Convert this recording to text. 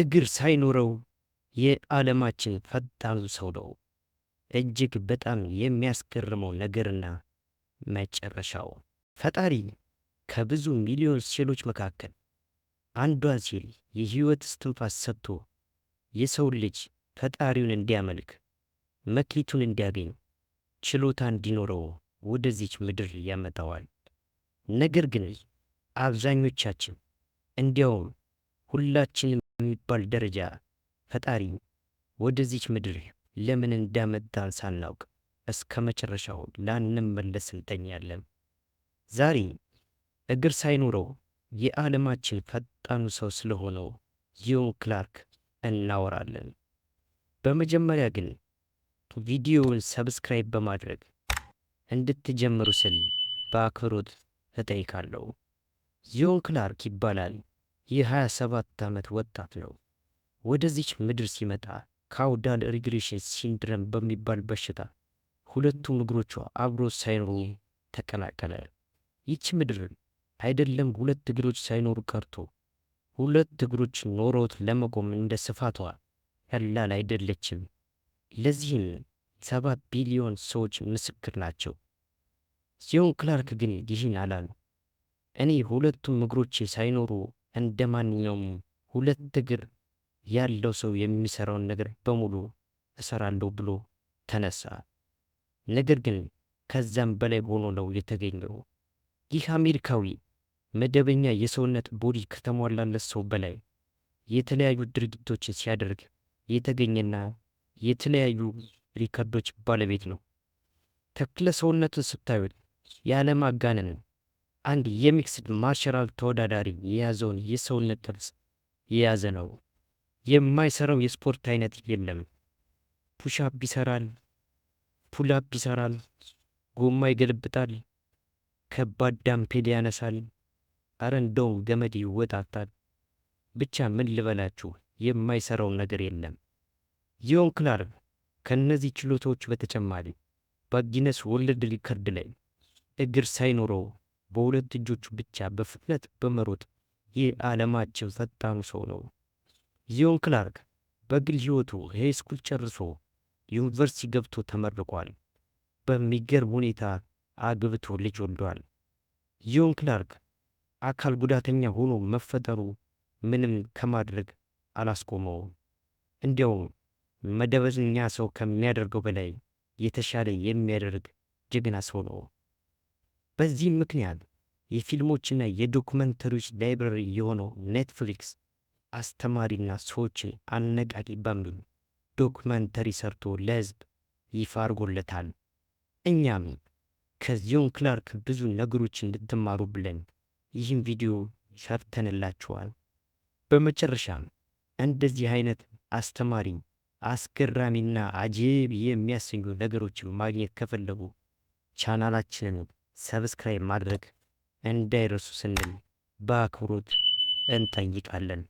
እግር ሳይኖረው የዓለማችን ፈጣኑ ሰው ነው። እጅግ በጣም የሚያስገርመው ነገርና መጨረሻው ፈጣሪ ከብዙ ሚሊዮን ሴሎች መካከል አንዷ ሴል የሕይወት እስትንፋስ ሰጥቶ የሰው ልጅ ፈጣሪውን እንዲያመልክ መክሊቱን እንዲያገኝ ችሎታ እንዲኖረው ወደዚች ምድር ያመጣዋል። ነገር ግን አብዛኞቻችን እንዲያውም ሁላችንም የሚባል ደረጃ ፈጣሪ ወደዚች ምድር ለምን እንዳመጣን ሳናውቅ እስከ መጨረሻው ላንመለስ እንተኛለን። ዛሬ እግር ሳይኖረው የዓለማችን ፈጣኑ ሰው ስለሆነው ዮም ክላርክ እናወራለን። በመጀመሪያ ግን ቪዲዮውን ሰብስክራይብ በማድረግ እንድትጀምሩ ስል በአክብሮት እጠይቃለሁ። ዮም ክላርክ ይባላል የ27 ዓመት ወጣት ነው። ወደዚች ምድር ሲመጣ ካውዳል ሪግሬሽን ሲንድረም በሚባል በሽታ ሁለቱም እግሮቹ አብሮ ሳይኖሩ ተቀላቀለ። ይቺ ምድር አይደለም ሁለት እግሮች ሳይኖሩ ቀርቶ ሁለት እግሮች ኖሮት ለመቆም እንደ ስፋቷ ቀላል አይደለችም። ለዚህም ሰባት ቢሊዮን ሰዎች ምስክር ናቸው። ሲሆን ክላርክ ግን ይህን አላሉ። እኔ ሁለቱም እግሮቼ ሳይኖሩ እንደ ማንኛውም ሁለት እግር ያለው ሰው የሚሰራውን ነገር በሙሉ እሰራለሁ ብሎ ተነሳ። ነገር ግን ከዛም በላይ ሆኖ ነው የተገኘው። ይህ አሜሪካዊ መደበኛ የሰውነት ቦዲ ከተሟላለት ሰው በላይ የተለያዩ ድርጊቶች ሲያደርግ የተገኘና የተለያዩ ሪከርዶች ባለቤት ነው። ተክለ ሰውነቱን ስታዩት የዓለም አጋንንን አንድ የሚክስድ ማርሻል ተወዳዳሪ የያዘውን የሰውነት ቅርጽ የያዘ ነው። የማይሰራው የስፖርት አይነት የለም። ፑሻፕ ይሰራል፣ ፑላፕ ይሰራል፣ ጎማ ይገለብጣል፣ ከባድ ዳምፔል ያነሳል፣ አረ እንደው ገመድ ይወጣታል። ብቻ ምን ልበላችሁ የማይሰራው ነገር የለም። ዮን ክላርክ ከእነዚህ ችሎታዎች በተጨማሪ በጊነስ ወርልድ ሪከርድ ላይ እግር ሳይኖረው በሁለት እጆቹ ብቻ በፍጥነት በመሮጥ የዓለማቸው ፈጣኑ ሰው ነው። ዚዮን ክላርክ በግል ሕይወቱ ሃይስኩል ጨርሶ ዩኒቨርሲቲ ገብቶ ተመርቋል። በሚገርም ሁኔታ አግብቶ ልጅ ወልዷል። ዚዮን ክላርክ አካል ጉዳተኛ ሆኖ መፈጠሩ ምንም ከማድረግ አላስቆመውም። እንዲያውም መደበኛ ሰው ከሚያደርገው በላይ የተሻለ የሚያደርግ ጀግና ሰው ነው። በዚህም ምክንያት የፊልሞችና የዶኩመንተሪዎች ላይብረሪ የሆነው ኔትፍሊክስ አስተማሪና ሰዎችን አነቃቂ በሚሉ ዶኩመንተሪ ሰርቶ ለህዝብ ይፋ አድርጎለታል። እኛም ከዚሁን ክላርክ ብዙ ነገሮች እንድትማሩ ብለን ይህም ቪዲዮ ሰርተንላችኋል። በመጨረሻም እንደዚህ አይነት አስተማሪ አስገራሚና አጀብ የሚያሰኙ ነገሮችን ማግኘት ከፈለጉ ቻናላችንን ሰብስክራይብ ማድረግ እንዳይረሱ ስንል በአክብሮት እንጠይቃለን።